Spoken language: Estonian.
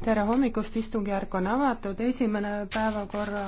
tere hommikust istungjärk on avatud esimene päevakorra